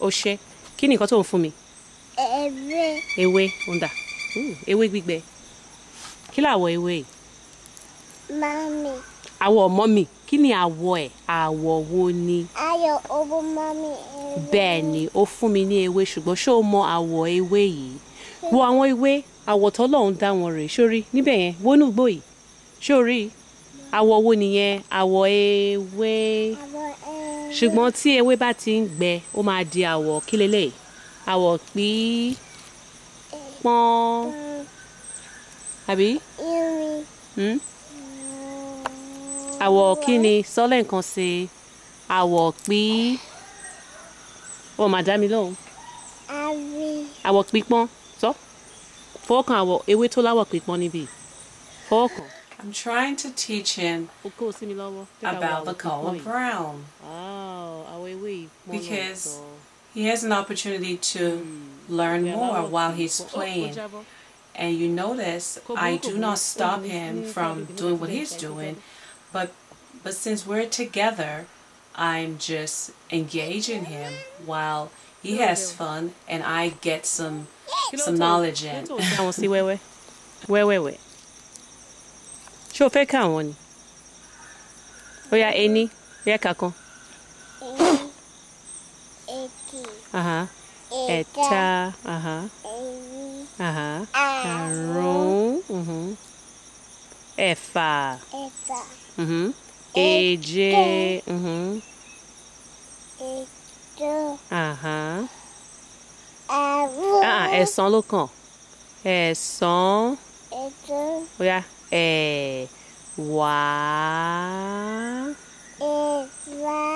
o ṣe kí ni nǹkan tó ń fún mi. ewé. ewé ó ń dà ewé gbígbẹ kí làwọ̀ ewé yìí. mami. àwọ̀ mọ́mì kí ni àwọ̀ ẹ̀ àwọ̀ wo ni. ayọ̀ owó mọ́mì ewé. bẹ́ẹ̀ ni ó fún mi ní ewé ṣùgbọ́n ṣé o mọ àwọ̀ ewé yìí wo àwọn ewé àwọ̀ tọ́lọ́run dá wọn rèé sórí níbẹ̀ yẹn wọnú gbòyìí sórí àwọ̀ wo nìyẹn àwọ̀ ewé ṣùgbọ́n tí ewé bá ti ń gbẹ ó máa di àwọ̀ kílélẹ̀ àwọ̀ pípọ́n àbí hmm? àwọ̀ kíni sọ́lẹ̀ nǹkan ṣe àwọ̀ pí ó máa dá mi lóhùn àwọ̀ sọ fọwọ́ àwọ̀ ewé tó láwọ̀ pípọ́n níbí fọwọ́ I'm trying to teach him about the color brown. Ah. because he has an opportunity to mm. learn more while he's playing. And you notice I do not stop him from doing what he's doing, but but since we're together, I'm just engaging him while he has fun and I get some some knowledge in. Where where where? Show fair count one. Oh yeah, any? Yeah, kakon. aqui. Uh-huh. Aham. Eta. Aham. Aham. Aron. Uhum. Efa. Efa. Uhum. Eje. Uhum. Eto. Aham. Ah, é som loucão. É som. Eto. Olha. É. Wa. Ewa.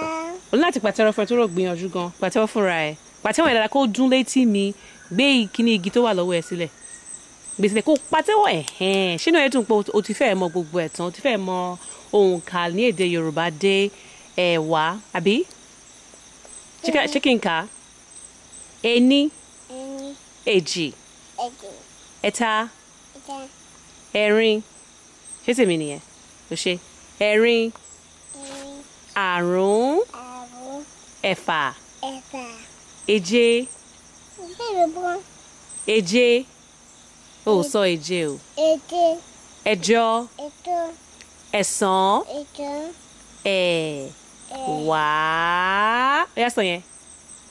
o ní láti pàtẹ́wọ́ fún ẹ tó rò gbìyànjú gan pàtẹ́wọ́ fúnra ẹ pàtẹ́wọ́ ẹ dáadáa kó dún létí mi gbé ìkíní igi tó wà lọ́wọ́ ẹ sílẹ̀ gbèsè kó pàtẹ́wọ́ ẹ hẹ́n ṣínú ẹ dùn pé o ti fẹ́ mọ gbogbo ẹ̀ tán o ti fẹ́ mọ ohun kà ní èdè Yorùbá dé ẹ̀wá àbí ṣé kí èjì ẹ̀ta ẹ̀rin ṣé tèmi nìyẹn o ṣe ẹ̀rin àrún. Ẹ̀fà. Ẹ̀fà. Èje. Èje. O sọ èje o. Èje. Ẹ̀jọ. Ẹ̀jọ. Ẹ̀sán. Ẹ̀jọ. Ẹ̀. Wá. Ó yá sọ yẹn.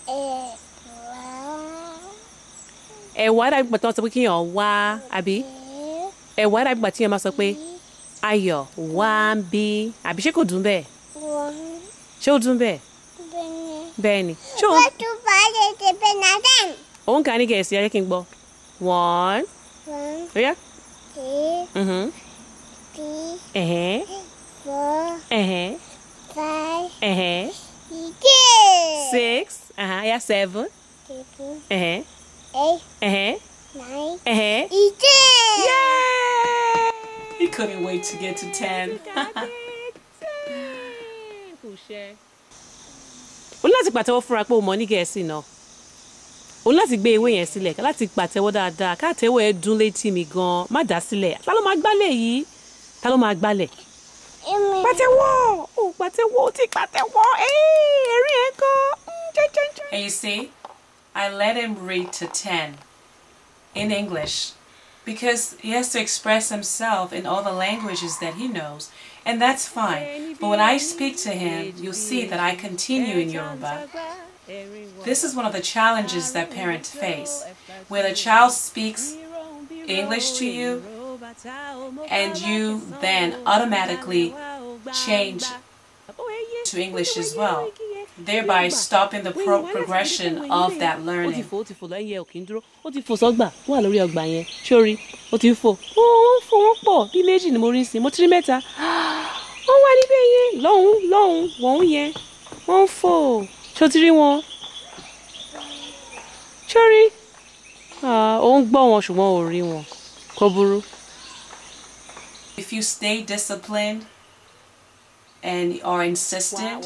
Ẹ̀. Ẹ̀wá dàbí pàtó wọn sọ pé kíyàn wá àbí? Ẹ̀wá dàbí pàtó yẹn máa sọ pé ayọ̀ wá ń bí àbí ṣé kò dùn bẹ́ẹ̀? Ṣé ó dùn bẹ́ẹ̀? Bẹ́ẹ̀ni. Ṣé o. Wọ́n tún bá lè ṣe bẹ́ẹ̀ náà dẹ́n. Òun kà One. One. Oya. Oh, two. Mm-hmm. Three. Uh-huh. Four. Uh-huh. Five. Uh-huh. Six. Six. Uh-huh. Yeah, seven. Seven. Uh-huh. Eight. Uh-huh. Nine. Uh-huh. Ten. Yay! He couldn't wait to get to ten. ten. Who share? o ní láti pàtẹ́wọ́ fúnra pé o mọ̀ ní gẹ̀ẹ́sì náà o ní láti gbé ewé yẹn sílẹ̀ láti pàtẹ́wọ́ dáadáa káàtẹ́wọ́ ẹ dún létí mi gan-an má dà sílẹ̀ ta ló máa gbálẹ̀ yìí ta ló máa gbálẹ̀. pàtẹ́wọ́ o pàtẹ́wọ́ o ti pàtẹ́wọ́ eré ẹ̀ gan. And you see, I let him read to ten in English because he has to express himself in all the languages that he knows. And that's fine. But when I speak to him, you'll see that I continue in Yoruba. This is one of the challenges that parents face. When a child speaks English to you, and you then automatically change to English as well thereby stopping the pro progression of that learning. If you stay disciplined and are insistent.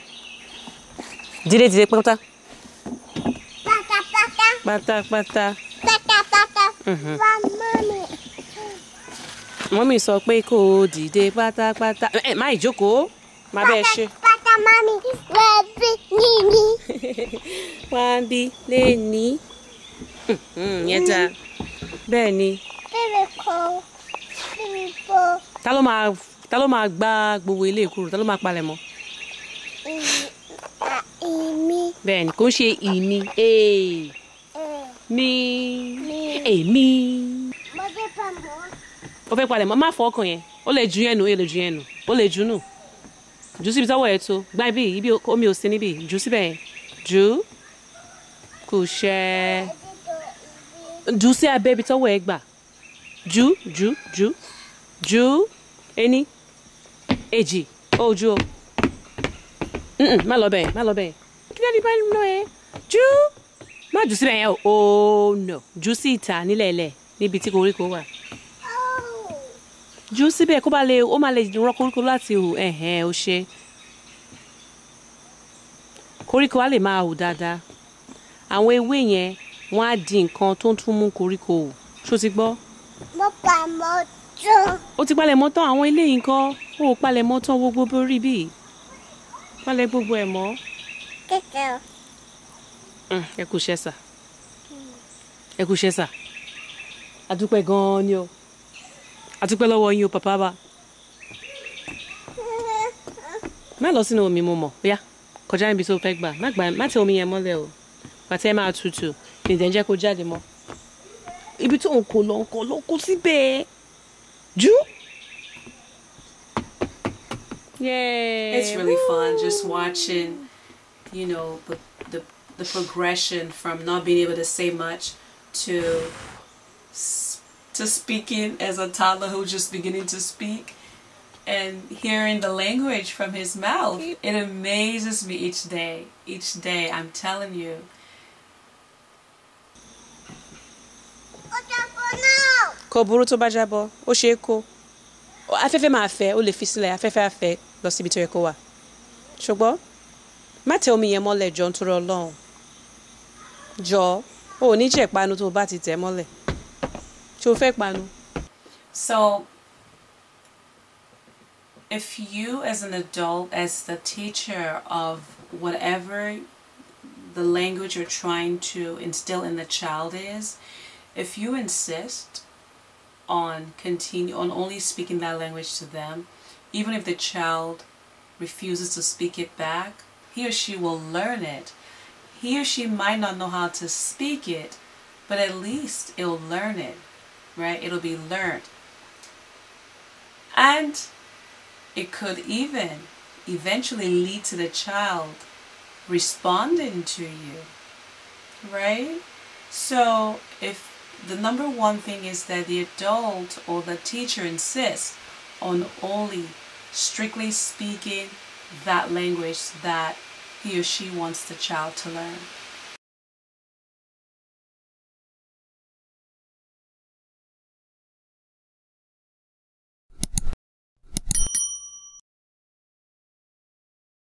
Dìde dìde pátá. Pátá pátá. Pátá pátá. Pátá pátá. Mọ́mí sọ pé kó o dìde pátápátá. Ẹ eh, eh, má ìjókòó, má bẹ́ẹ̀ ṣe. Pátá mami wẹ̀ bí níní. Wá bí lè ní. Mhm, yẹn ta. Bẹ́ẹ̀ ni. Bẹ́ẹ̀ kọ́ bẹ́ẹ̀ bọ́. Ta ló máa gba gbogbo ilé ìkúrò? Ta ló máa palẹ̀ mọ́? ìmí. bẹ́ẹ̀ni kò ń ṣe ìní ee ní èmi. mo fẹ́ palẹ̀ mọ́. o fẹ́ palẹ̀ mọ́ má fọ ọkàn yẹn ó lè ju yẹn nù ó lè ju yẹn nù ó lè ju nù jù síbi tọ́wọ́ ẹ̀ tó gbá ibi ibi omi ò sí níbi jù síbẹ̀ yẹn jù kò ṣẹ́ jù sí abẹ́ ibi tọ́wọ́ ẹ̀ gbà jù jù jù jù ení èjì ó ju o má lọ bẹ́ẹ̀ má lọ bẹ́ẹ̀ kílẹ̀ ní báyìí lọ ẹ jù má jù sílẹ̀ yẹn o oh, no jù sí ìta nílẹ̀ẹ́lẹ̀ níbi tí koríko wà jù síbẹ̀ kó bá lè ó má lè rọ koríko láti hù ẹ̀hẹ̀n ó ṣe koríko á lè máa hù dáadáa àwọn ewé yẹn wọ́n á di nǹkan tó ń tún mú koríko hù ṣó ti gbọ́. mo pa mọ́ tán. ó ti palẹ̀ mọ́ tán àwọn ilé yìí ń kọ́ ó palẹ̀ mọ́ tán gbogbo borí bíi palẹ̀ gbogbo ẹ̀ mọ́ kẹ̀kẹ́ ah, ẹ kú iṣẹ́ sà ẹ kú iṣẹ́ sà àdúpẹ́ gan-an ni o àdúpẹ́ lọ́wọ́ yín o pàpà wa má lọ sínú omi mo mọ̀ bóyá kọjá níbi tó fẹ́ gbà má gbà má tẹ omi yẹn mọ́lẹ̀ o pàtẹ́ máa tutù nìjẹ́ ń kó jáde mọ́ ibi tó ń kó lọ ń kó lọ kó síbẹ̀ jù. Yay. It's really fun just watching you know, the, the, the progression from not being able to say much to to speaking as a toddler who's just beginning to speak and hearing the language from his mouth it amazes me each day each day i'm telling you ṣùgbọ́n má tẹ omi yẹn mọ́lẹ̀ jọ nítorí ọlọ́run jọ o ò ní jẹ́ ìpanu tó o bá ti mọ́lẹ̀ tí o fẹ́ panu. So, if you as an adult, as the teacher of whatever the language you're trying to instill in the child is, if you insist on continue on only speaking that language to them, even if the child refuses to speak it back, he or she will learn it. He or she might not know how to speak it, but at least it'll learn it, right? It'll be learned. And it could even eventually lead to the child responding to you, right? So if the number one thing is that the adult or the teacher insists on only strictly speaking that language that he or she wants the child to learn.